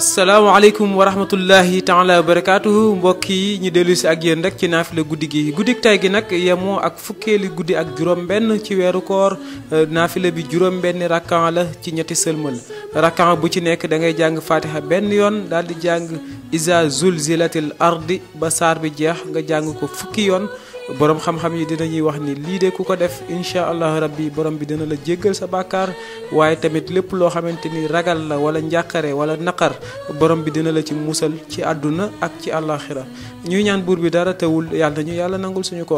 assalaamualeykum wa rahmatullahi taala wa barakatuhu mbokk yi ñu dellu si ak yéen rek ci naaf la guddi gi guddi tay gi nag yemoo ak fukkeeli guddi ak juróom-benn ci weeru koor eh, naaf la bi juróom-benn rakkan la ci ñetti sëlmal rakkan bu ci nekk da ngay jàng fatiha benn yoon daal di jàng iza zulzilatil ardi ba saar bi jeex nga jàng ko fukki yoon borom xam-xam yi ñuy wax ni lii de ku ko def incha allah rabbi borom bi dina la jéggal sa bàkkaar waaye tamit lépp loo xamante ni ragal la wala njàqare wala naqar borom bi dina la ci musal ci àdduna ak ci àllaaxira ñuy ñaan buur bi dara teewul yàlla ñu yàlla nangul suñu koor